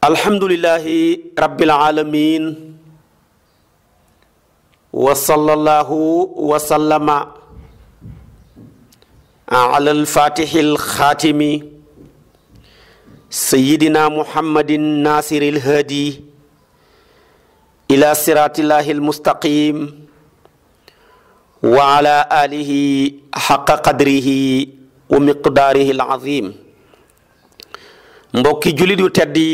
alhamdulilahi rabbil alamin wa sallallahu wa sallama ala alfatixi alxaatimi sayidina muhammadin nasiri alhaadi ila siratillahi almustaqim wa ala alihi xaqa qadrihi wa miqdaarihi alazim mbokki jullit yu tedd yi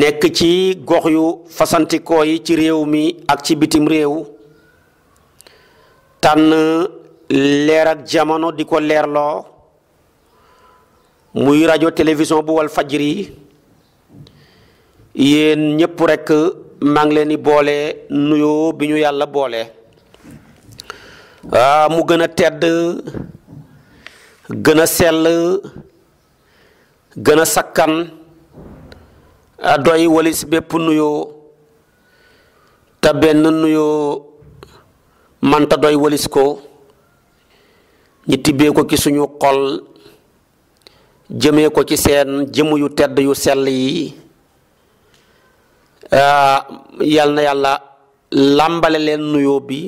nekk ci gox yu fasantikoo yi ci réew mi ak ci bitim réew tànn leer ak jamono di ko leerloo muy rajo télévision bu wal fajri yéen ñépp rekk maa ngi leen di boole nuyo bi ñu yàlla boole ah mu gën a tedd gën a sell gën a sakkan doy walis bépp nuyoo te benn nuyoo manta doy walis ko ñi tibbee ko ci suñu xol jëmee ko ci seen jëmm yu tedd yu sell yi yal na yàlla làmbale leen nuyoo bi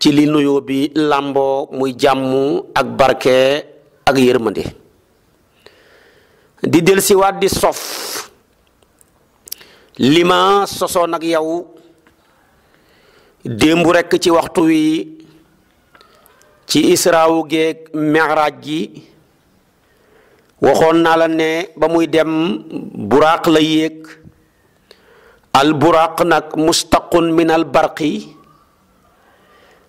ci li nuyoo bi làmboo muy jàmm ak barke ak yërmande di delsiwaat di sof li ma sosoon ak yow démb rekk ci waxtu wi ci israawu géek miraaj gi waxoon naa la ne ba muy dem buraaq la yéeg al buraaq nag mustaqun min al barqi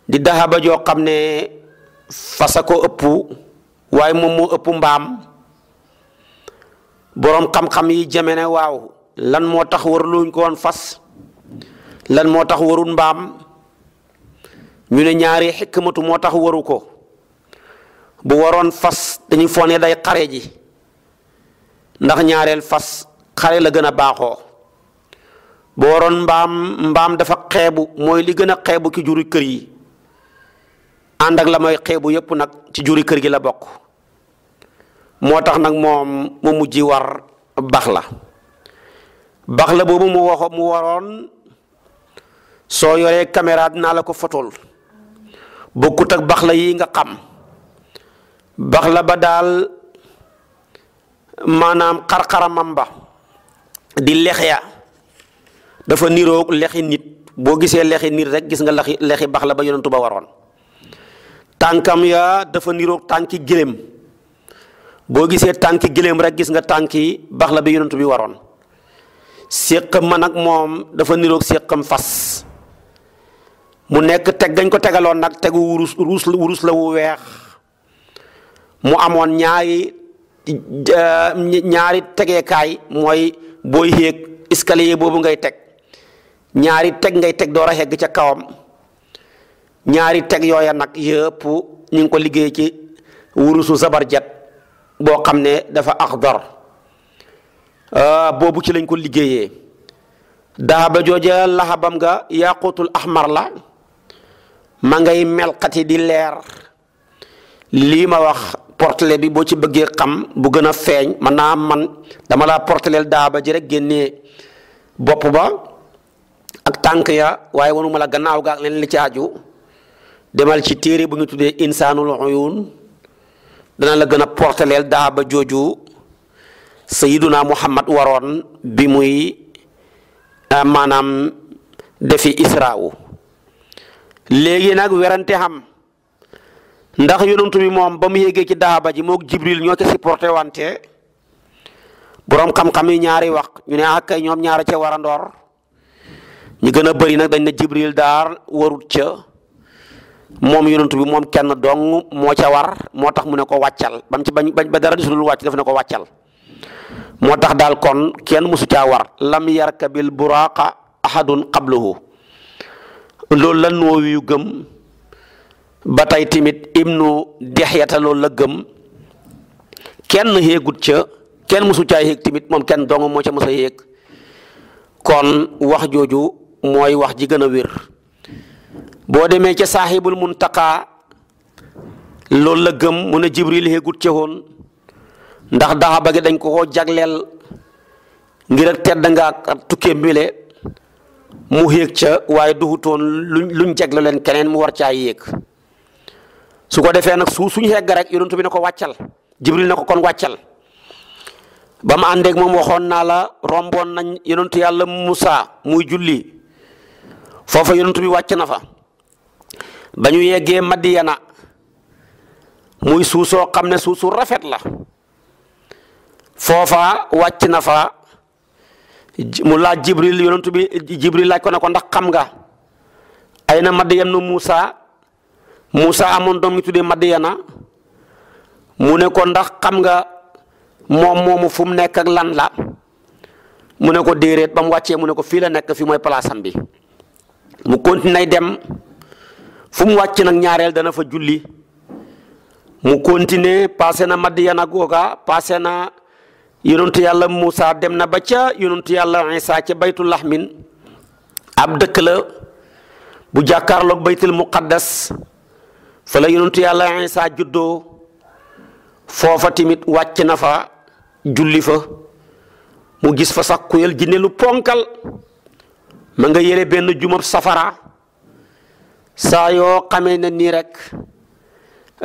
di daxaba joo xam ne fasa ko ëpp waaye moom moo ëpp mbaam boroom xam-xam yi jëme ne waaw lan moo tax waruluñ ko fas lan moo tax warul mbaam ñu ne ñaari xikmatu moo tax waru ko bu waroon fas dañuy foone day xare ji ndax ñaareel fas xare la gën a baaxoo bu waroon mbaam mbaam dafa xeebu mooy li gën a xeebu ci juri kër yi ànd ak la mooy xeebu yépp nag ci juri kër gi la bokk moo tax nag moom mu mujj war bax la bax la boobu mu waxo mu waroon soo yoree caméra naa la ko fotool bokkut ak bax la yi nga xam bax la ba daal maanaam xar-xaramam ba di lex ya dafa niroog lexi nit boo gisee lexi nit rek gis nga lexi lexi bax la ba yonentu ba waroon tànkam ya dafa niroog tànki gëléem boo gisee tànki giléem rek gis nga tànki bax la bi yonent bi waroon séqam ma nag moom dafa niroog séqam fas mu nekk teg gañ ko tegaloon nag teg wurus wurus wurus la wu weex mu amoon ñaari ñaari tegeekaay mooy booy yéeg escalier boobu ngay teg ñaari teg ngay teg door a xegg ca kawam ñaari teg yooya nag yëpp ñu ngi ko liggéey ci wurusu zabarjat boo xam ne dafa axdar ah, boobu ci lañ ko liggéeyee daaba jooja laxabam nga yaqutul ahmar la ma ngay melxati di leer lii ma wax portele bi boo ci bëggee xam bu gën a feeñ man naa man dama laa porteleel daaba ji rek bopp ba ak tànk ya waaye wanu ma la gannaaw ga ak leen li ci aju demal ci téere bu ñu tuddee insaanul uyun dana la gën a porteleel daa jooju sayiduna muhammad waroon bi muy a ah, maanaam defi israawu léegi nag werante xam ndax yonantu bi moom ba mu yéegee ci daaba ji moog jibril ñoo ca supporté wante boroom xam-xam yi ñaari wax ñu ne ak ñoom ñaara ca warandoor ñu gën a bëri nag dañ ne jibril daar warut ca moom yonent bi moom kenn dong moo ca war moo tax mu ne ko wàccal ba mu ci bañ ba dara di sulul wàcc daf ne ko wàccal moo tax daal kon kenn mosu caa war lam yarkabil buraaqa ahadun qabluhu loolu la noowi yu gëm ba tey tamit ibnu dexyata loolu la gëm kenn xéegut ca kenn mosu caa xéeg tamit moom kenn dong moo ca mos a kon wax jooju mooy wax ji gën a wér boo demee ca mun muntaqaa loolu la gëm mu ne jibril xeegut ca woon ndax daxa ba dañ ko koo jagleel ngir ak tedd nga ak tukkee mbile mu yéeg ca waaye duxutoon lu luñ jagle leen keneen mu war caa yéeg su ko defee nag suuf suñu xegg rek yonent bi ne ko wàccal jibril ne ko kon wàccal ba mu àndeeg moom waxoon naa la romboon nañ yonentu yàlla Musaa muy julli foofu yonent bi wàcc na fa ba ñu yeggee Madiyana muy suuf soo xam ne suusu rafet la foofa wàcc na fa mu laa Jibril yonentu bi Jibril laaj ko ne ko ndax xam nga ay na Madiyan nu Muusa Muusa amoon doom ñu tuddee Madiyana mu ne ko ndax xam nga moom moomu fu mu nekk ak lan la mu ne ko déeréet ba wàccee mu ne ko fii la nekk fii mooy palaasam bi mu continué dem. fu mu wàcc nag ñaareel dana fa julli mu continuer passé na Madiyana googa passé na yonentu yàlla musa dem na ba ca yonentu yàlla Isa ca baytul laxmin ab dëkk la bu jàkkaarloog baytul muqaddas fa la yonentu yàlla Isa juddoo foofa tamit wàcc na fa julli fa mu gis fa sax kuyel jinne lu ponkal ma nga yére benn jumab safara saa yoo xamee na nii rek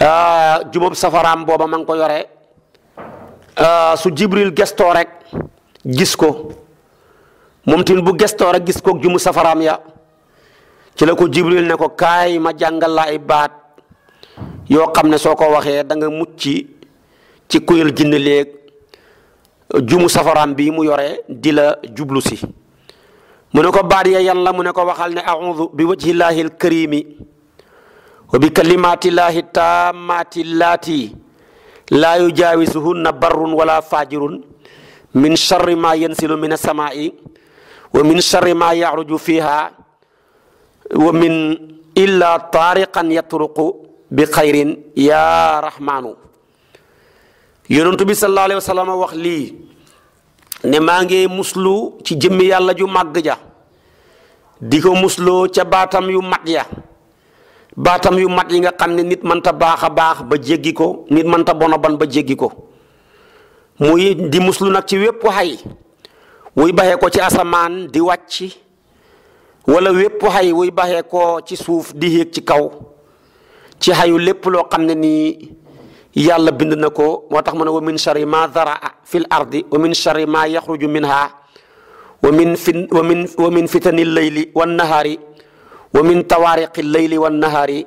ah, jubóob safaraam booba ma ko yore ah, su jibril gestoo rek gis ko moom tamit bu gestoo rek gis ko jumu safaraam ya ci la ko jibril ne ko kaay ma jàngal ay baat yoo xam ne soo ko waxee danga nga mucc ci kuréel jinne léeg jumu safaraam bi mu yore di la jublu si mu ne ko baat ya yan la mu ne ko waxal ne audu bi wajhillahi alkarimi wa bi kalimatillahi tammati llaati laa yujaawisuhunna barrun wala fajirun min charri ma yansilu min asamaai wa min charri ma yaruju fiha wa min illa taariqan yatruqu bi xayrin ya rahmaanu yonentu bi sallallahu alayhi wa sallam wax lii ne maa ngi muslu ci jëmmi yàlla ju màgg ja di ko musloo ca baatam yu mat ya baatam yu mat yi nga xam ne nit mënta baax a baax ba jéggi ko nit mënta bon a ba jéggi ko muy di muslu nag ci wépp xay wuy baxee ko ci asamaan di wàcc wala wépp xay wuy baxee ko ci suuf di yéeg ci kaw ci xayu lépp loo xam ne nii yàlla bind na ko moo tax mu ne wa min sharri ma zaraa fil ardi wa min sharri ma yaxruju min fin wa min wa min fitani leyli wa min tawaariqi leyli wan nahaari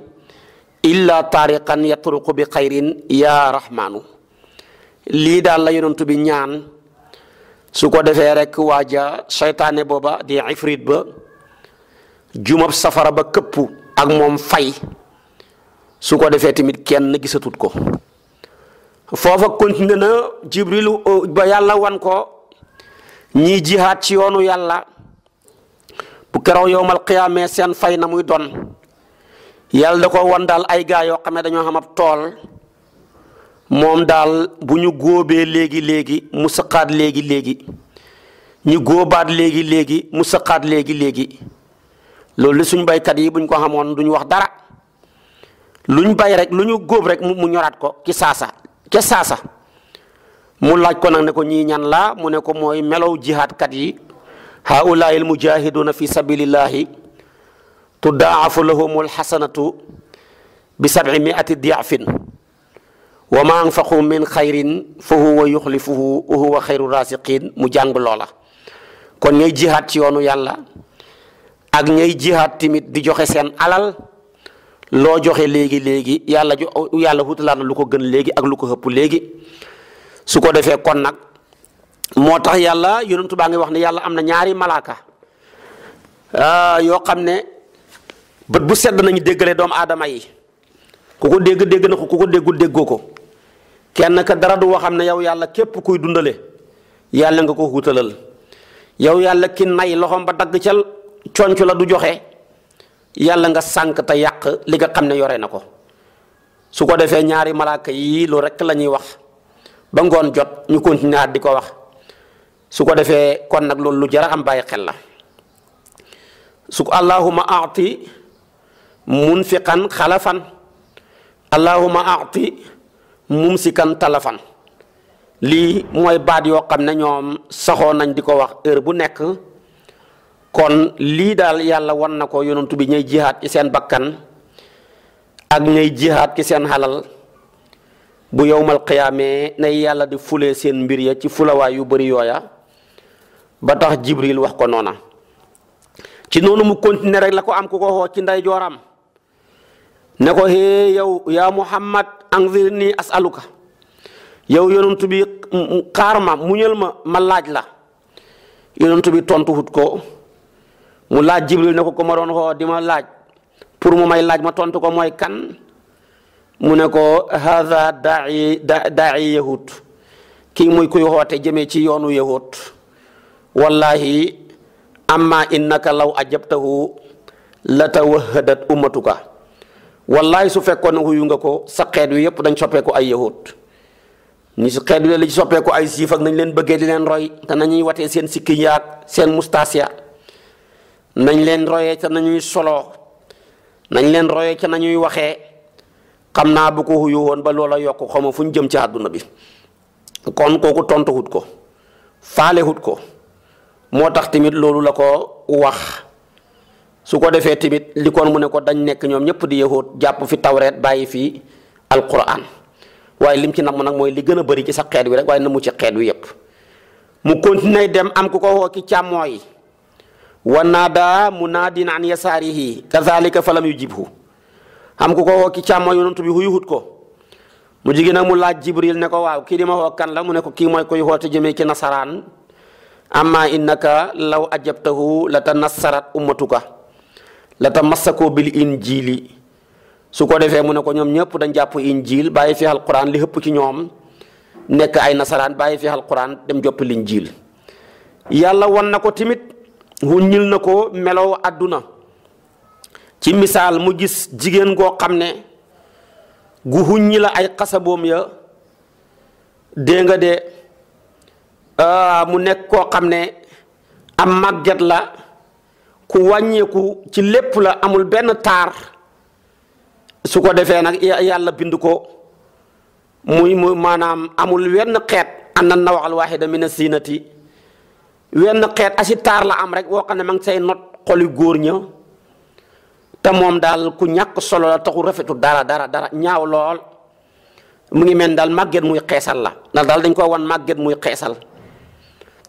illa taariqan yatruqu bi xayrin yaa rahmaanu lii daal la bi ñaan su ko defee rek waaja seytaane booba di ifrit ba jumab safara ba këpp ak moom fay su ko defee tamit kenn gisatut ko foofa continué na jibril euh, ba yàlla wan ko ñi jihaat ci yoonu yàlla bu keroog yowmal qiyaamee seen fay na muy don yàlla da ko wan daal ay gaa yoo xam ne dañoo xam ab tool moom daal bu ñu góobee léegi léegi mu sëqaat léegi léegi ñu góobaat léegi léegi mu sëqaat léegi léegi loolu li suñ baykat yi buñ ko xamoon duñ wax dara luñ bay rek lu ñu góob rek mu ñoraat ko ki saasa ca saasa mu laaj ko nag ne ko ñii ñan la mu ne ko mooy melow jihaadkat yi haulaai almujahiduna fi sabilillahi tuddaafu lahum alxasanatu bi sabi miati diafin wa ma anfaqu min xayrin fa huwa yuxlifuhu wa huwa xayru mu jàng loola kon ñay jihaad ci yoonu yàlla ak ñay jihaad tamit di joxe seen alal loo joxe léegi léegi yàlla jo yàlla wutalaat na lu ko gën léegi ak lu ko xëpp léegi su ko defee kon nag moo tax yàlla yonentu baa ngi wax ne yàlla am na ñaari malaaka ah, yoo xam ne bët bu sedd nañu déggale doomu aadama yi ku ko dégg dégg na ko ku ko déggu déggoo ko kenn ka dara du woo xam ne yow yàlla képp kuy dundale yàlla nga ko wutalal yow yàlla ki nay loxoom ba dagg cal conc la du joxe. yàlla nga sànq te yàq li nga xam ne yore na ko su ko defee ñaari malaaka yii lu rek lañuy wax ba ngoon jot ñu continuer di ko wax su ko defee kon nag loolu lu jara am bàyyi xel la su ko allahuma aati munfiqan xalafan allahuma si mumsikan talafan lii mooy baat yoo xam ne ñoom saxoon nañ di ko wax heure bu nekk kon lii daal yàlla won na ko yonantu bi ñay jihaat ci seen bakkan ak ñay jihaat ci seen xalal bu yowmal xiyaamee nay yàlla di fule seen mbir ya ci fulawaay yu bari yooya ba tax jibril wax ko noona ci noonu mu continuer rek la ko am ku ko xool ci nday jooram ne ko hee yow yaa muhammad anzir asaluka yow yonantu bi xaar ma muñal ma ma laaj la yonantu bi tontu hut ko laaj jibril na ko ko ma doon xoo di ma laaj pour mu may laaj ma tontu ko mooy kan mu ne ko haada daai daai yahud kii muy kuy xoote jëmee ci yoonu yahud wallahi amma innaka law a ajabtahu la tawahadat ummatuka wallahi su fekkoon wuyu nga ko sa xeet wi yëpp dañ soppeeku ay yahud ñi si xeet wi la ci soppeeku ay siif ak nañ leen bëggee di leen roy te nañuy watee seen sikki yaag seen mustaasiya nañ leen royee ca nañuy soloo nañ leen royee ca nañuy waxee xam naa bu ko xuyu woon ba loola yokk xaw ma fu ñu jëm ci àdduna bi kon kooku tontu hut ko faale hut ko moo tax tamit loolu la ko wax su ko defee tamit li kon mu ne ko dañ nekk ñoom ñëpp di yahut jàpp fi tawreet bàyyi fi alquran waaye lim ci nam nag mooy li gën a bari ci sa xeet wi rek waaye na mu ci xeet wi yépp mu continuer dem am ku ko woo ci càmmooy wa daa munaadin an yasaarihi kazalika falam yujibhu xam ku ko woo ki càmmo yonent bi huyuhut ko mu jigéen nag mu laa jibril ne ko waaw kii di ma woo kan la mu ne ko kii mooy koy xoote jëmee ci nasaraan amma innaka law ajabtahu la tanassarat ummatuka la tamassakoo bil injili su ko defee mu ne ko ñoom ñëpp dañ jàpp injil bàyyi fi alquran li hëpp ci ñoom nekk ay nasaraan bàyyi fi alquran dem jopp linjil yàlla wan na wuññil na ko melow àdduna ci misaal mu gis jigéen goo xam ne gu huññi ay xasaboom ya dée nga de mu nekk koo xam ne am màgget la ku wàññeeku ci lépp la amul benn taar su ko defee nag yàlla bind ko muy mu maanaam amul wenn xeet an na nawaxal waaxida min a siinati wenn xeet asitaar la am rek woo xam ne ma ngi say not xoli góor ña te moom daal ku ñàkk solo la taxu rafetu dara dara dara ñaaw lool mu ngi mel daal màgget muy xeesal la ndax daal dañ ko wan màgget muy xeesal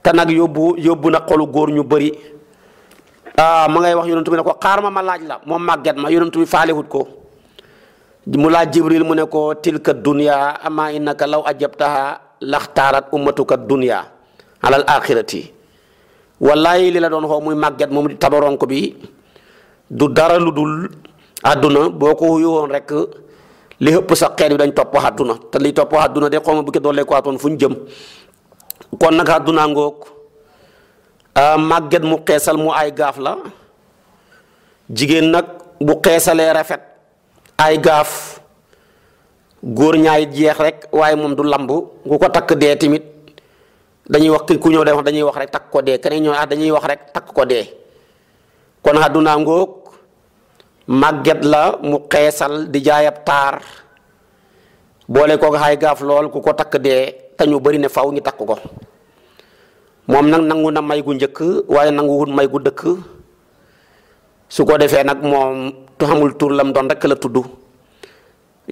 te nag yobbu yóbbu na xolu góor ñu bari ah ma ngay wax yonent bi ne ko xaar ma ma laaj la moom màgget ma yonent bi ko mu laa jibril mu ne ko tilka dunya ama innaka law a ajabtaha laxtaarat ummatuka dunya alal axirati wallaay li la doon xoo muy màgget moom di tabaronk bi du dara lu dul àdduna boo ko wuyu woon rek li ëpp sa xeet bi dañ topp àdduna te liy topp àdduna de xaw ma bu ko doolee ko atoon fu ñu jëm kon nag àdduna ngoog màgget mu xeesal mu ay gaaf la jigéen nag bu xeesalee rafet ay gaaf góor ñaay jeex rek waaye moom du lamb ku ko takk dee tamit dañuy wax ku ñëw day wax dañuy wax rek takk ko dee keneen ñëw ah dañuy wax rek takk ko dee kon àdduna ngoog màgget la mu xeesal di jaayab taar boole kooku xaay gaaf lool ku ko takk dee te bari ne faw ñu takk ko moom nag nangu na may gu njëkk waaye nanguwul may gu dëkk su ko defee nag moom tu xamul tur lam doon rek la tudd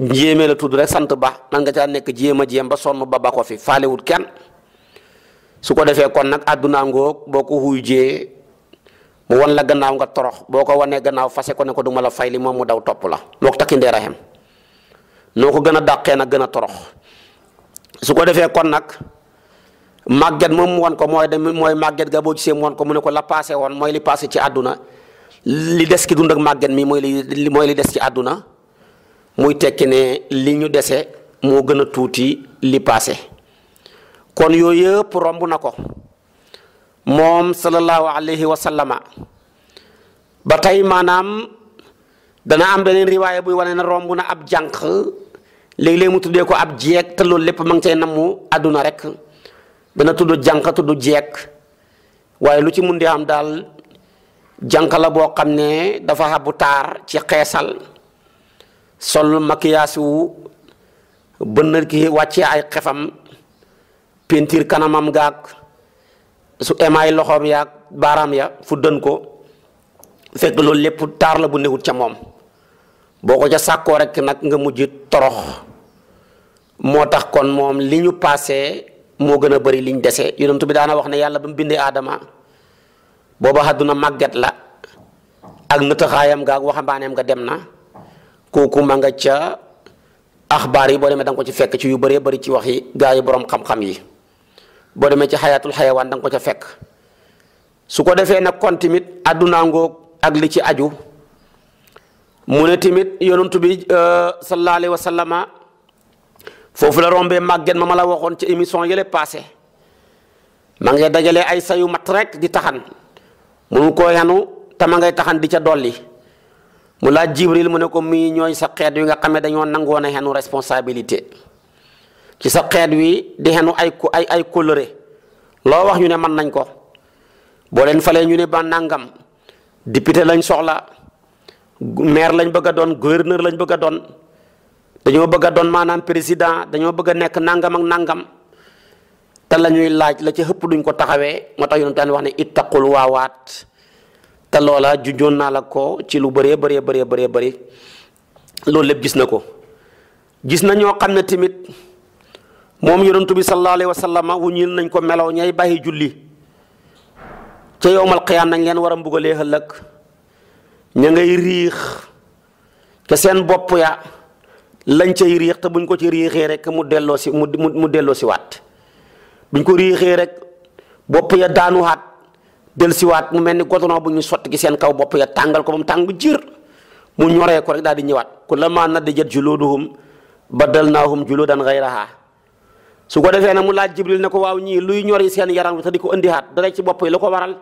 njéeme la tudd rek sant ba nan nga caa nekk jéem a jéem ba sonn ba ba ko fi faalewut kenn. su ko defee kon nag àdduna ngoog boo ko xuujee mu wan la gannaaw nga torox boo ko wanee gannaaw fase ko ne ko du la fay li moom mu daw topp la moo ko takki ndeer a xem noo ko gën a dàqee nag gën a torox su ko defee kon nag màgget moom mu wan ko mooy dem mooy màgget ga boo gisee mu wan ko mu ne ko la passé woon mooy li passé ci àdduna li des ki dund ak màgget mi mooy li mooy li des ci àdduna muy tekki ne li ñu dese moo gën a tuuti li passé kon yooyu yëpp romb na ko moom sallallahu alayhi wa sallama ba tey maanaam dana am beneen riwaaya buy wane na romb na ab jànq léeg-léeg mu tuddee ko ab jeeg te loolu lépp ma ngi cay namu àdduna rek dana tudd jànq tudd jeeg waaye lu ci mun di am daal jànq la boo xam ne dafa xabu taar ci xeesal sol maquillage wu bënn ki wàccee ay xefam pentiir kanamam gaag su emaay loxoom yaag baaraam ya fu dën ko fekk loolu lépp taar la bu newut ca moom boo ko ca sàkkoo rek nag nga mujj torox moo tax kon moom li ñu paase moo gën a bari liñ dese yonent bi daana wax ne yàlla ba mu bindee aadama booba àdduna màgget la ak nëtëxaayam nga ak waxambaaneem nga dem na kooku ma nga ca axbaar yi boo demee da ko ci fekk ci yu baree bari ci wax yi gaa yi boroom xam-xam yi boo demee ci xayaatul xayawaan da nga ko ca fekk su ko defee nag kon tamit àdduna ngoog ak li ci aju mu ne tamit yonent bi euh, sallallahu alayhi wa sallama foofu la rombee màgget ma ma la waxoon ci émission yële passé ma ngay dajale ay sayu mat rek di taxan mu ko yanu te ma ngay taxan di ca dolli mu laaj jibril mu ne ko mii ñooñ sa xeet yu nga xam ne dañoo nangoon a yanu responsabilité ci sa xeet wi di xenu ay ku ay ay kóllëre loo wax ñu ne mën nañ ko boo leen falee ñu ne ba nangam député lañ soxla maire lañ bëgg doon gouverneur lañ bëgg a doon dañoo bëgg doon maanaam président dañoo bëgg a nekk nangam ak nangam te la ñuy laaj la ci ëpp duñ ko taxawee moo tax yonent daan wax ne it ittaqul waawaat te loola junjoon naa la ko ci lu bëree bëree bëree bëree bëri loolu lépp gis na ko gis na ñoo xam ne tamit. moom yonantu bi sallallahu alayhi wa sallam wu ñil nañ ko melaw ñay bàyyi julli ca yowmal qiyaam nañ leen war a mbugalee ëllëg ña ngay riix seen bopp ya lañ cay riix te buñ ko ci riixee rek mu delloo si mu mu delloo si waat buñ ko riixee rek bopp ya daanuwaat del si waat mu mel ni godono bu ñu sotti ci seen kaw bopp ya tàngal ko ba mu tàng jir mu ñoree ko rek daal di ñëwaat del naa juluuduhum baddalnaahum juluudan gayrahaa su ko defee na mu laa jibril ne ko waaw ñii luy ñori seen yaram wi te di ko indihaat dara ci bopp yi la ko waral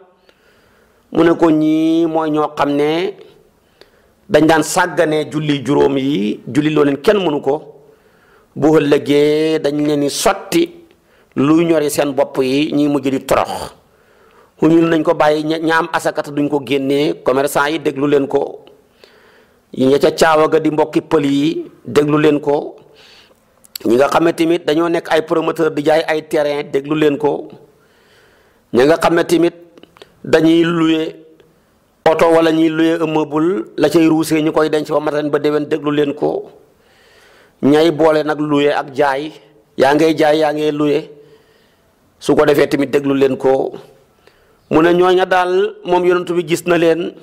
mu ne ko ñii mooy ñoo xam ne dañ daan sàggane julli juróom yi julli loo leen kenn mënu ko bu ëllëgee dañ leen di sotti luy ñori seen bopp yi ñii mujj di torox xuñul nañ ko bàyyi ña am asakata duñ ko génnee commerçant yi déglu leen ko ña ca caawa ga di mbokki pël yi déglu leen ko ñi nga xam ne tamit dañoo nekk ay promoteur di jaay ay terrain déglu leen ko ñi nga xam ne tamit dañuy luye oto wala ñuy louer immeuble la cay ruusee ñu koy denc ba matin ba déwén déglu leen ko ñay boole nag louer ak jaay yaa ngay jaay yaa ngay luye su ko defee tamit déglu leen ko mu ne ñooña daal moom yonentu bi gis na leen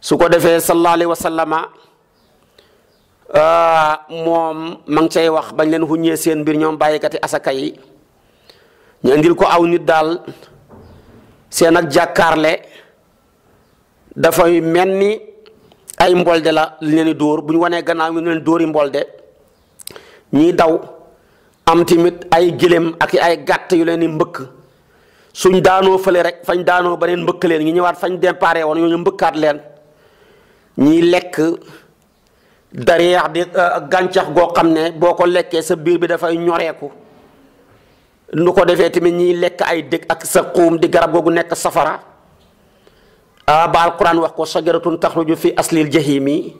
su ko defee sallallahu alayhi wa Ah, moom ma ngi cay wax bañ leen xuññee seen mbir ñoom bàyyikati asaka yi ñu indil ko aw nit daal seen ak jàkkaarle dafay mel ni ay mbolde la li leen di dóor bu ñu wanee gannaaw ñu leen dóori mbolde ñiy daw am tamit ay gëléem ak ay gàtt yu leen di mbëkk suñ daanoo fële rek fañ daanoo ba neen mbëkk leen ñi ñëwaat fañ déparé woon ñooñu mbëkkaat leen ñiy lekk dariyax di euh, gàncax goo xam ne boo ko lekkee sa biir bi dafay ñoreeku nu ko defee tamit ñiy lekk ay dëkk sa xuum di garab googu nekk safara a ah, ba wax ko sajaratun taxruju fi aslil jahimi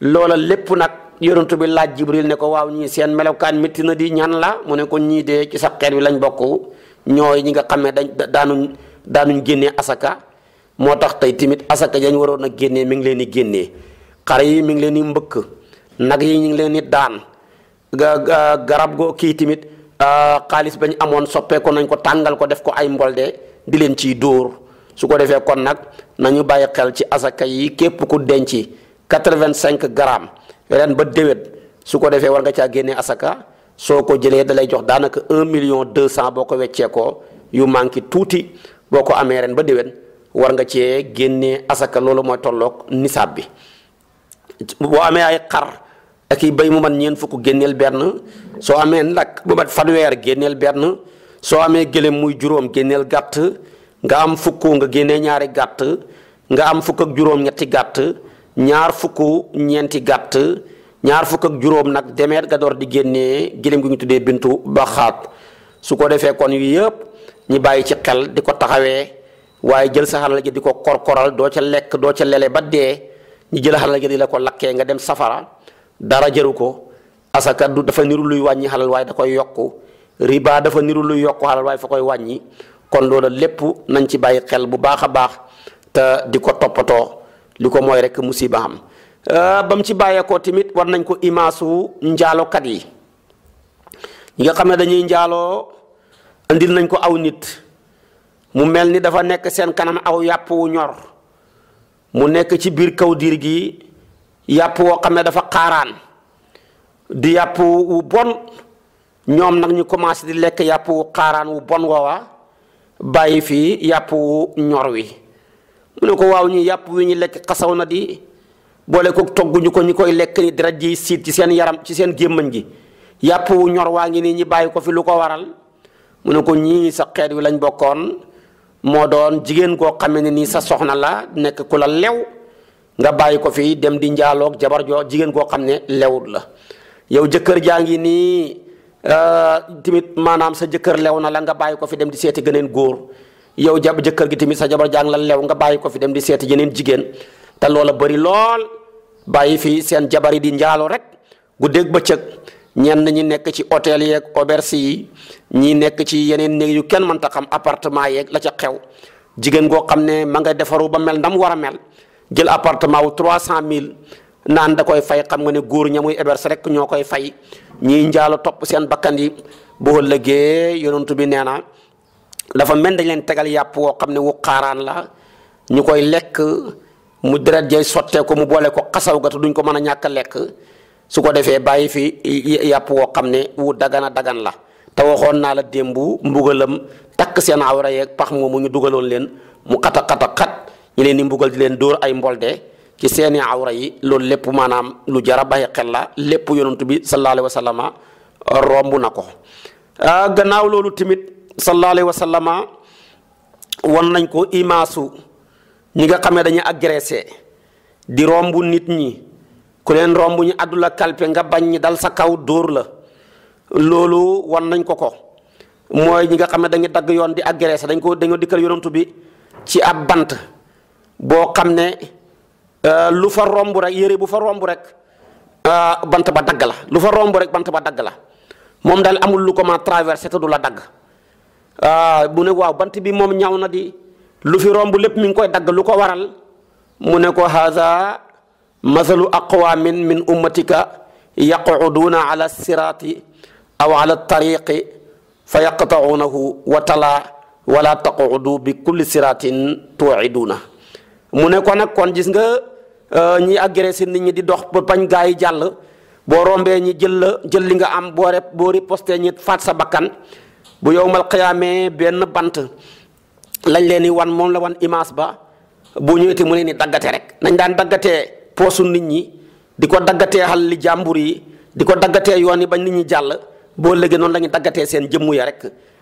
loola lépp nag yonentu bi laaj jibril ne ko waaw ñii seen melokaan métti na di ñan la mu ne ñii dee ci sa xeet lañ bokk ñooy ñi nga xam ne dañ daanuñ daanuñ génnee asaka moo tax tey tamit asaka dañ waroon a génnee mi ngi leen di génnee xar yi mi ngi leen di mbëkk nag yi ñu ngi leen di daan garab goo kii tamit ah, xaalis bañ amoon soppeeku nañ ko tàngal ko def ko ay mbolde di leen ciy dóor su ko defee kon nag nañu bàyyi xel ci asaka yi képp ku denc quatre-vingt-cinq grammes ren ba déwét su ko defee war nga caa génnee asaka soo ko jëlee da lay jox daanaka un million deux cent boo ko weccee ko yu manqué tuuti boo ko amee ren ba déwén war nga cee génnee asaka loolu mooy tolloog nisaab bi boo amee ay xar ak i béy mu man ñeent fukk génneel benn soo amee nag bu mat fanweer génneel benn soo amee gëléem muy juróom génneel gàtt nga am fukk nga génnee ñaari gàtt nga am fukk ak juróom ñetti gàtt ñaar fukk ñeenti gàtt ñaar fukk ak juróom nag demeet ga door di génnee gëléem gu ñu tuddee bintu baxaat su ko defee kon yu yëpp ñi bàyyi ci xel di ko taxawee waaye jël sa xalal ji di ko korkoral doo ca lekk doo ca lele ba dee ñu jël xalal gi di la ko lakkee nga dem safara dara jëru ko asaka du dafa niru luy wàññi xalal waaye da koy yokku riba dafa niru luy yokku xalal waaye fa koy wàññi kon loola lépp nañ ci bàyyi xel bu baax a baax te di ko toppatoo li ko mooy rek musiba am euh, ba mu ci bàyyeekoo tamit war nañ ko imaasu njaalokat yi nga xam ne dañuy njaaloo andil nañ ko aw nit mu mel ni dafa nekk seen kanam aw yàpp wu ñor mu nekk ci biir kaw diir gi yàpp woo xam ne dafa xaaraan di yàpp wu bon ñoom nag ñu commencé di lekk yàpp wu xaaraan wu bon woowa bàyyi fii yàpp wu ñor wi mu ne ko waaw ñu yàpp wi ñu lekk xasaw na di boole ko togguñu ko ñu koy lekk ni dara ji siit ci seen yaram ci seen gémmañ gi yàpp wu ñor waa ngi nii ñi bàyyi ko fi lu ko waral mu ne ko ñii sa xeet wi lañ bokkoon moo doon jigéen koo xamee ne nii sa soxna la nekk ku la lew nga bàyyi ko fii dem di njaaloog jabar joo jigéen koo xam ne lewut la yow jëkkër jaa ngi nii euh, tamit maanaam sa jëkkër lew na la nga bàyyi ko fi dem di seeti geneen góor yow jab jëkkër gi tamit sa jabar jaa ngi lew nga bàyyi ko fi dem di seeti jeneen jigéen te loola bari lool bàyyi fi seen jabar yi di njaaloo rek ba cëg ñenn ñi nekk ci hôtel yeeg auberge yi ñi nekk ci yeneen néeg yu kenn mënta xam appartement yeeg la ca xew jigéen goo xam ne ma nga defaru ba mel ndam war a mel jël appartement wu mille naan da koy fay xam nga ne góor ñamuy muy rek ñoo koy fay ñiy njaalo topp seen bakkandi yi boo lëggee yonantu bi nee na dafa mel dañ leen tegal yàpp woo xam ne wu xaaraan la ñu koy lekk mu deret jay sottee ko mu boole ko xasaw gata duñ ko mën a ñàkk lekk su ko defee bàyyi fi yàpp woo xam ne wu dagana dagan la te waxoon naa la démb mbugalam takk seen awra yeeg pax moomu ñu dugaloon leen mu xat a xat a ñu leen di mbugal di leen dóor ay mbolde ci seeni awra yi loolu lépp maanaam lu jara bàyyi xel la lépp yonantu bi sallallahu alayhi romb na ko ah, gannaaw loolu tamit sallallahu alayhi wa sallama won nañ ko imaasu ñi nga xam ne dañuy agressé di romb nit ñi ku leen romb ñu àddu la kalpe nga bañ ñi dal sa kaw dóor la loolu wan nañ ko ko mooy ñi nga xam ne dañuy dagg yoon di agressé dañ ko dañoo dikkal yonantu bi ci ab bant boo xam ne euh, lu fa romb rek yére bu fa romb rek euh, bant ba dagg la lu fa romb rek bant ba dagg la moom dal amul lu ko ma traversé te du la dagg bu euh, ne waaw bant bi moom ñaw na di lu fi romb lépp mi ngi koy dagg lu ko waral mu ne ko haza masalu aqwaamin min ummatika yaquduuna ala siraati aw ala tariqi fa yaqtauunahu wa tala wala taqudu bi kulli siraatin tuiduuna mu ne ko nag kon gis nga euh, ñiy agressé nit ñi di dox ba pañ gaa jàll boo rombee ñi jël jël li nga am boo rep boo riposté ñi faat sa bakkan bu yowmal xiyaamee benn bant lañ leen di wan moom la wan image ba bu ñëwee mu leen daggate rek nañ daan daggatee poosu nit ñi di ko daggatee xal li jàmbur yi di ko daggatee yoon yi ba nit ñi jàll boo léegi noonu la ñu daggatee seen jëmm ya rek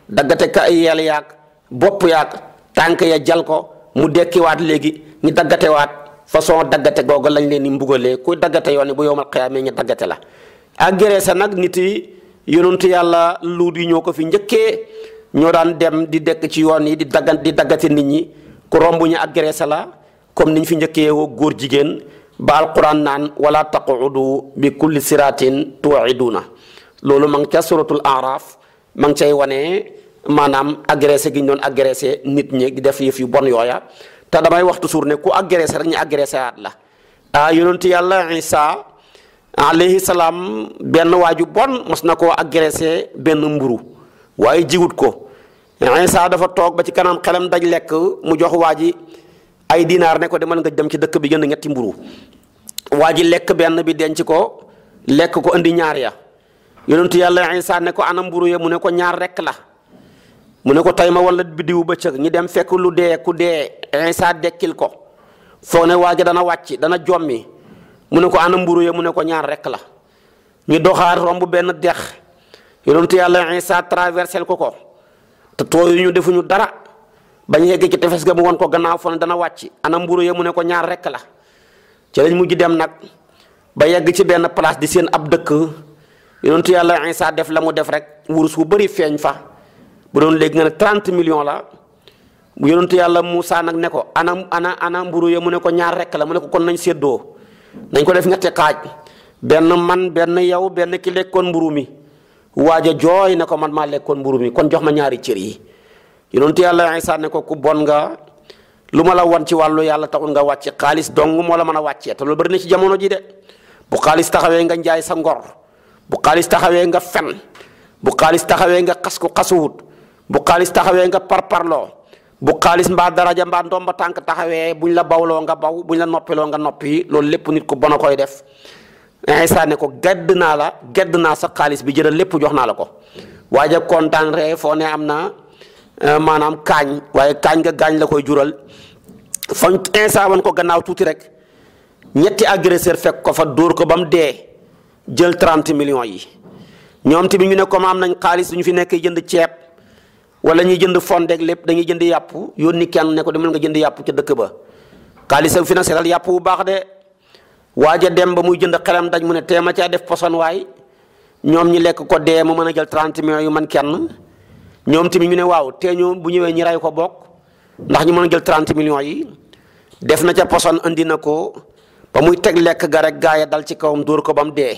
daggate ka ay yel yaag bopp yaag tànk ya jal ko mu dekkiwaat léegi ñu daggate waat façon daggate googu lañ leen di mbugalee kuy daggate yoon yi bu yowmal xiyaamee ñu daggate la agressé nag nit yi yonentu yàlla luut yi ñoo ko fi njëkkee ñoo daan dem di dekk ci yoon yi di daggan di daggate nit ñi ku romb ñu agressé la comme niñ fi njëkkee woo góor jigéen ba alquran naan wala taqudu bi kulli siraatin na loolu ma ngi ca suratul araf ma ngi cay wane maanaam agressé gi ñu doon nit ñi di def yëf yu bon yooya te damay wax toujours ne ku agressé rek ñu agressé aat la ah yonentu yàlla Isa alayhi salaam benn waaju bon mos na koo agressé benn mburu waaye jiwut ko Isa dafa toog ba ci kanam xelam daj lekk mu jox waaji ay dinaar ne ko demal nga dem ci dëkk bi jënd ñetti mburu waa ji lekk benn bi denc ko lekk ko indi ñaar ya yonentu yàlla Isaa ne ko ana mburu ya mu ne ko ñaar rekk la mu ne ko tey ma wala biddiwu bëccëg ñi dem fekk dee ku dee Isaa dekkil ko foog ne waa ji dana wàcc dana jommi mu ne ko ana mburu ya mu ne ko ñaar rekk la ñu doxaar romb benn dex yonentu yàlla Isaa traversel ko ko te tooyu ñu defuñu dara bañ yegg ci tefes ga mu woon ko gannaaw fo ne dana wàcc ana mburu ya mu ne ko ñaar rekk la ci lañ mujj dem nag ba yegg ci benn place di seen ab dëkk yonentu yàlla Isaa def la mu def rek wurus wu bëri feeñ fa bu doon léegi nga ne 30 millions la bu yàlla Muusaa nag ne ko ana ana ana mburu ya mu ne ko ñaar rekk la mu ne ko kon nañ séddoo nañ ko def ñetti xaaj benn man benn yow benn ki kon mburu mi waaj a jooy ne ko man maa lekkoon mburu mi kon jox ma ñaari cër yi yonentu yàlla Isaa ne ko ku bon nga lu ma la wan ci wàllu yàlla taxul nga wàcce xaalis dong moo la mën a wàccee te loolu bëri ci jamono ji de bu xaalis taxawee nga njaay sa ngor bu xaalis taxawee nga fen bu xaalis taxawee nga xas ko xasuwut bu xaalis taxawee nga par parloo bu xaalis mbaa daraja mbaa ndomba tànk taxawee buñ la bawloo nga baw buñ la noppiloo nga noppi loolu lépp nit ku bon a koy def Isaa ne ko gedd naa la gedd naa sa xaalis bi jëlal lépp jox naa la ko Euh, maanaam kaañ waaye kaañ nga gaañ la koy jural fañ instant wan ko gannaaw tuuti rek ñetti agresseur fekk ko fa dóor ko ba mu dee jël 30 millions yi ñoom tamit ñu ne comme am nañ xaalis ñu fi nekk jënd ceeb wala ñuy jënd fondeeg lépp dañuy jënd yàpp yónni kenn ne ko demal nga jënd yàpp ca dëkk ba xaalis ak financé dal yàpp bu baax de waaja dem ba muy jënd xelam daj mu ne teema caa def poson waay ñoom ñi lekk ko dee mu mën a jël 30 millions yu man kenn ñoom tamit ñu ne waaw tee ñoom bu ñëwee ñi ray ko bokk ndax ñu mën a jël 30 millions yi def na ca poson indi na ko ba muy teg lekk ga rek gaaya dal ci kawam dóor ko ba mu dee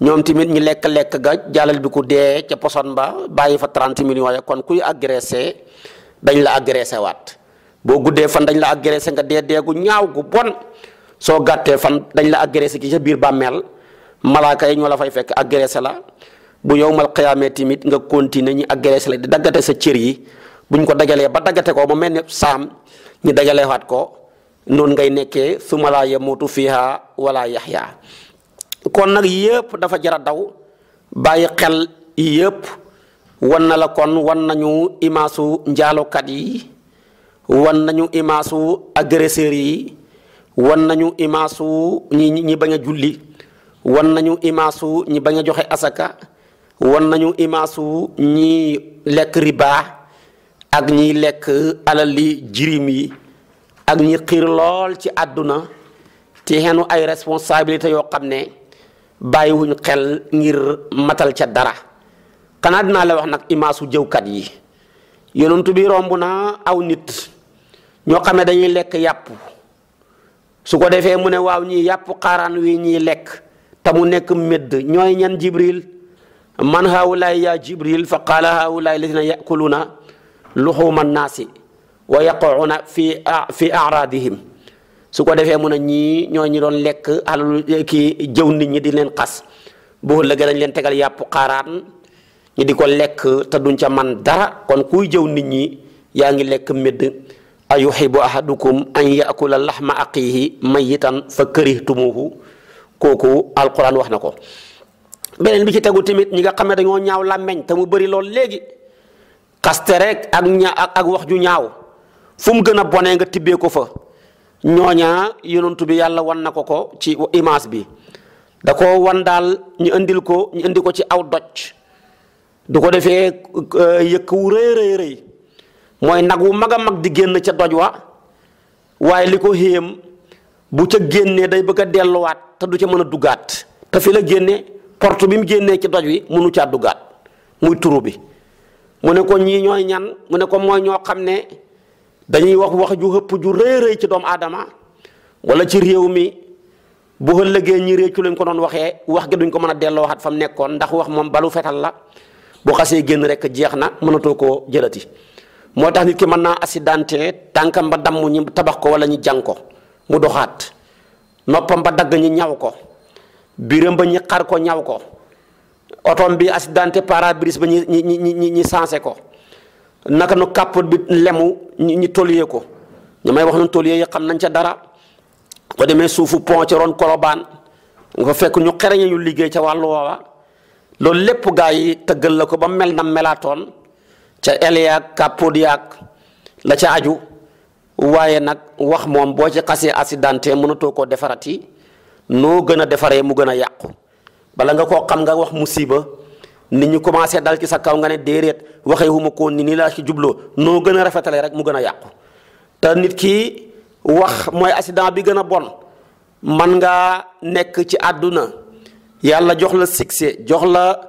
ñoom tamit ñi lekk-lekk ga jàllal bi ku dee ca poson ba bàyyi fa 30 millions ya kon kuy agressé dañ la agressé waat boo guddee fan dañ la agressé nga dee dee gu ñaaw gu bon soo gàttee fan dañ la agressé ci ca biir bàmmeel malaaka yi ñoo la fay fekk agressé la bu yowmal xiyaamee tamit nga continuer ñu agressé la di daggate sa cër yi buñ ko dajalee ba daggate ko mu mel ne saam ñu dajaleewaat ko noonu ngay nekkee suma laa yamuutu fiihaa wala yaxyaa kon nag yëpp dafa jara daw bàyyi xel yëpp wan na la kon wan nañu imaasu njaalokat yi wan nañu imaasu agresseurs yi wan nañu imaasu ñi ñi bañ a julli wan nañu imaasu ñi bañ a joxe asaka wan nañu imaasu ñiy lekk ribaa ak ñiy lekk alal li jirim yi ak ñi xiir lool ci àdduna te xenu ay responsabilité yoo xam ne bàyyiwuñ xel ngir matal ca dara xanaa dinaa la wax nag imaasu jëwkat yi yonent bi romb na aw nit ñoo xam ne dañuy lekk yàpp su ko defee mu ne waaw ñii yàpp xaaraan wi ñuy lekk te mu nekk médd ñooy ñan jibril man haawulaay yaa jibril fa qaala haawulaay na yakuluuna luxuuma naasi wa yaquuna fi fi aradihim su ko defee mun a ñii ñoo ñi doon lekk alalu kii jëw nit ñi di leen xas bu ëllëgee dañ leen tegal yàpp xaaraan ñi di ko lekk te duñ ca man dara kon kuy jëw nit ñi yaa ngi lekk médd a yuxibu ahadukum an yakula laxma aqihi mayitan fa karihtumuhu kooku alquran wax na ko beneen bi ci tegu tamit ñi nga xam ne dañoo ñaaw làmmeñ te mu bari lool léegi kaste rek ak ak wax ju ñaaw fu mu gën a bone nga tibbee ko fa ñooñaa yonantu bi yàlla wan na ko ko ci image bi da ko wan daal ñu indil ko ñu indi ko ci aw doj du ko defee euh, yëkk wu rëy rëy mooy nag wu mag a mag di génn ca doj wa waaye li ko xéem bu ca génnee day bëgg a delluwaat te du ca mën a duggaat te fi la génnee porte bi mu génnee ci doj wi munu caa duggaat muy turu bi mu ne ko ñii ñooy ñan mu ne ko mooy ñoo xam ne dañuy wax wax ju hëpp ju rëy rëy ci doomu aadama wala ci réew mi bu ëllëgee ñi réccu lañ ko doon waxee wax gi duñ ko mën a delloo waxaat fa mu nekkoon ndax wax moom balu fetal la bu xasee génn rek jeex na mënatoo ko jëlati moo tax nit ki mën naa accidenté tànkam ba damm tabax ko wala ñu jàng ko mu doxaat noppam ba dagg ñi ñaw ko biram ba ñi xar ko ñaw ko otom bi accidenté pare-brise ba ñi ñi ñi ñi sensé ko naka nu kàpp bi lemu ñi toliyee ko ñu may wax nu toliyee yi xam nañ ca dara ko demee suufu pont ci ron Colobane fekk ñu xereñe ñu liggéey ca wàllu woowa loolu lépp gaa yi tëggal la ko ba mel na melaatoon ca el yaag kàppood yaag la ca aju waaye nag wax moom boo ci xasee accidenté mënatoo koo defarati noo gën a defaree mu gën a yàqu bala nga koo xam nga wax musiba nit ñu commencé dal ci sa kaw nga ne déedéet waxee huma ko ni nii laa ci jubloo noo gën a rafetalee rek mu gën a yàqu te nit ki wax mooy accident bi gën a bon man nga nekk ci àdduna yàlla jox la succès jox la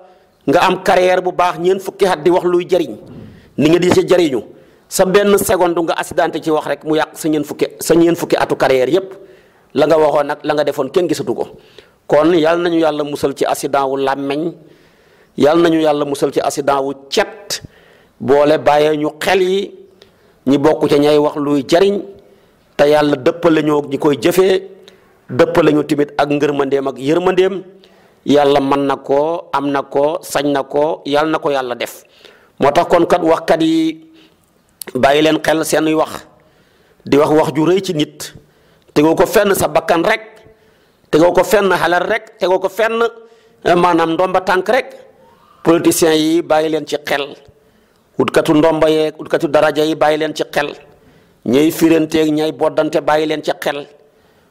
nga am carrière bu baax ñeent fukki at di wax luy jariñ ni nga di ci jariñu sa benn seconde nga accidenté ci wax rek mu yàq sa ñeent fukki sa ñeent atu carrière yépp la nga waxoon nag la nga defoon kenn gisatu ko kon yàlla nañu yàlla musal ci accident wu làmmeñ yàlla nañu yàlla musal ci accident wu cet boole bàyyee ñu xel yi ñi bokk ci ñay wax luy jariñ te yàlla dëppale ñoo ñi koy jëfee dëppale ñu tamit ak ngërmandeem ak yërmandeem yàlla mën na ko am na ko sañ na ko yàlla na ko yàlla def moo tax kon kat waxkat yi bàyyi leen xel seen wax di wax wax ju rëy ci nit tegoo ko fenn sa bakkan rek tegoo ko fenn xalal rek tegoo ko fenn eh, maanaam ndomba tànk rek politiciens yi bàyyi leen ci xel utkatu ndomba yeeg utkatu daraja yi bàyyi leen ci xel ñay firanteeg ñay boddante bàyyi leen ci xel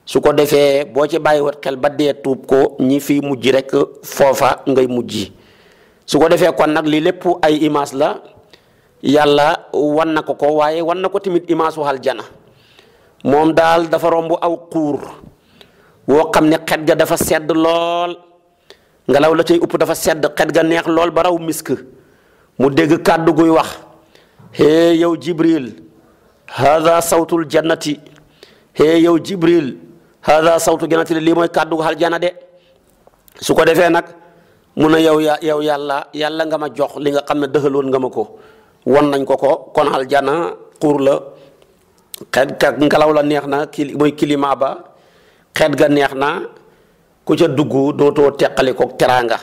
su ko defee boo ci bàyyi bàyyiwat xel ba dee tuub ko ñi fii mujj rek foofa ngay mujj su ko defee kon nag lii lépp ay image la yàlla wan na ko ko waaye wan na ko tamit image waxal jana moom daal dafa romb aw xuur woo xam ne xet ga dafa sedd lool ngelaw la cay upp dafa sedd xet ga neex lool ba raw misk mu dégg kàddu guy wax hee yow jibril hada sawtul jannati hee yow jibril hada sawtul lii mooy kàddu gu aljana de su ko defee nag mun a yow ya yow yàlla yàlla nga ma jox li nga xam ne dëxaloon nga ma ko won nañ ko ko kon aljana xuur la xeet ga ngelaw la neex na ki mooy climat ba xeet ga neex na ku ca dugg dootoo teqali ko teraanga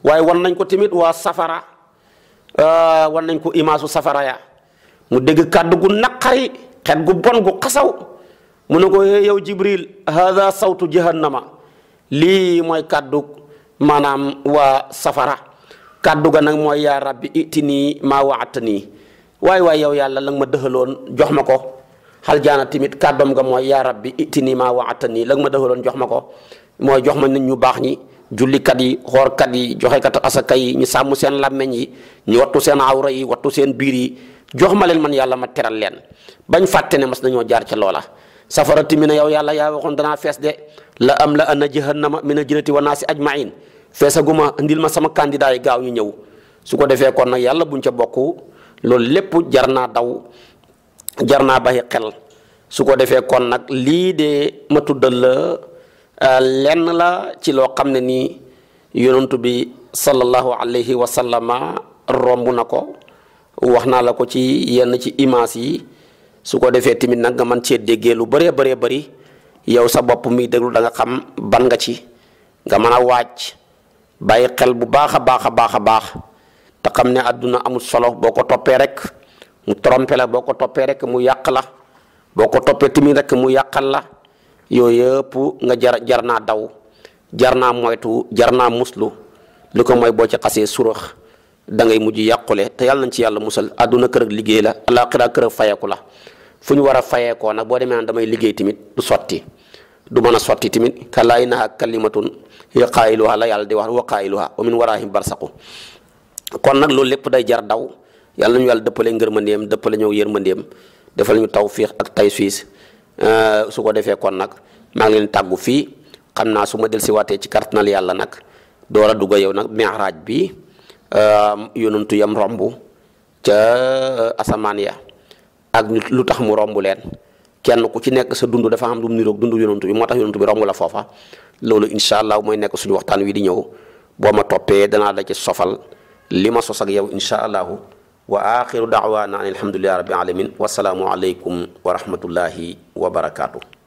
waaye wan nañ ko tamit waa safara euh, wan nañ ko imaasu safara ya mu dégg kàddu gu naqari xeet gu bon gu xasaw mu ne ko eh, yow jibril hada sawtu jahannama lii mooy kàddu maanaam waa safara kàddu ga nag mooy yaa rabbi iti nii maa waata nii waay waay yow yàlla la ma dëxaloon jox ma ko xal jaana tamit kàddoom nga mooy yaa rabbi itini maa waata nii la nga ma dëxaloon jox ma ko mooy jox ma nit ñu baax ñi jullikat yi xoor kat yi joxe joxekat asaka yi ñu sàmm seen làmmeñ yi ñu wattu seen awra yi wattu seen biir yi jox ma leen man yàlla ma teral leen bañ fàtte ne mas nañoo jaar ca loola safara tamit ne yow yàlla yaa waxoon danaa fees de la am la ana jahannama mina jinnati wa naasi ajmain feesaguma ndil ma sama candidat yi gaaw ñu ñëw su ko defee kon nag yàlla buñ ca bokk loolu lépp jar naa daw jar naa bàyyi xel su ko defee kon nag lii de ma tuddal la euh, lenn la ci loo xam ne nii yonantu bi sallallahu alayhi wa sallama romb na ko wax naa la ko ci yenn ci image yi su ko defee tamit nag nga mën cee déggee lu bëree bëree bari yow sa bopp mi déglu danga xam ban nga ci nga mën a waaj bàyyi xel bu baax a baax a baax a baax te xam ne àdduna amul solo boo ko toppee rek. mu trompé la boo ko toppee rek mu yàq la boo ko toppee tamit rek mu yàqal la yooyu yëpp nga jar jar naa daw jar naa moytu jar naa muslu lu ko mooy boo ci xasee surax da ngay mujj yàqule te yàlla nañ ci yàlla musal àdduna kër liggéey la àllaaxira kër fayeeku la fu ñu war a fayeekoo nag boo demee damay liggéey tamit du sotti du mën a sotti tamit kallaa innahaa kalimatun hiya qaa'iluhaa yàlla di wax wa qaa'iluhaa wa min kon nag loolu lépp day jar daw yàlla nañu yàlla dëppale ngërmandeem dëppale ñëw yërmandeem defal ñu tawfiix ak taysiir euh, su ko defee kon nag maa ngi leen tàggu fii xam naa su ma dellusiwaatee ci kartanal yàlla nag door a dugg yow nag mi'raaj bi euh, yonantu yam romb asamaan ya ak lu tax mu romb leen kenn ku ci nekk sa dund dafa am lu mu niroog bi moo tax yonantu bi romb la foofa loolu incha allah mooy nekk suñu waxtaan wi di ñëw boo ma toppee danaa la sofal li ma sos ak yow incha allahu wa axiru daawaana an alhamdulillahi rabbil alamin wasalaamu aleykum wa rahmatullahi wa barakaatu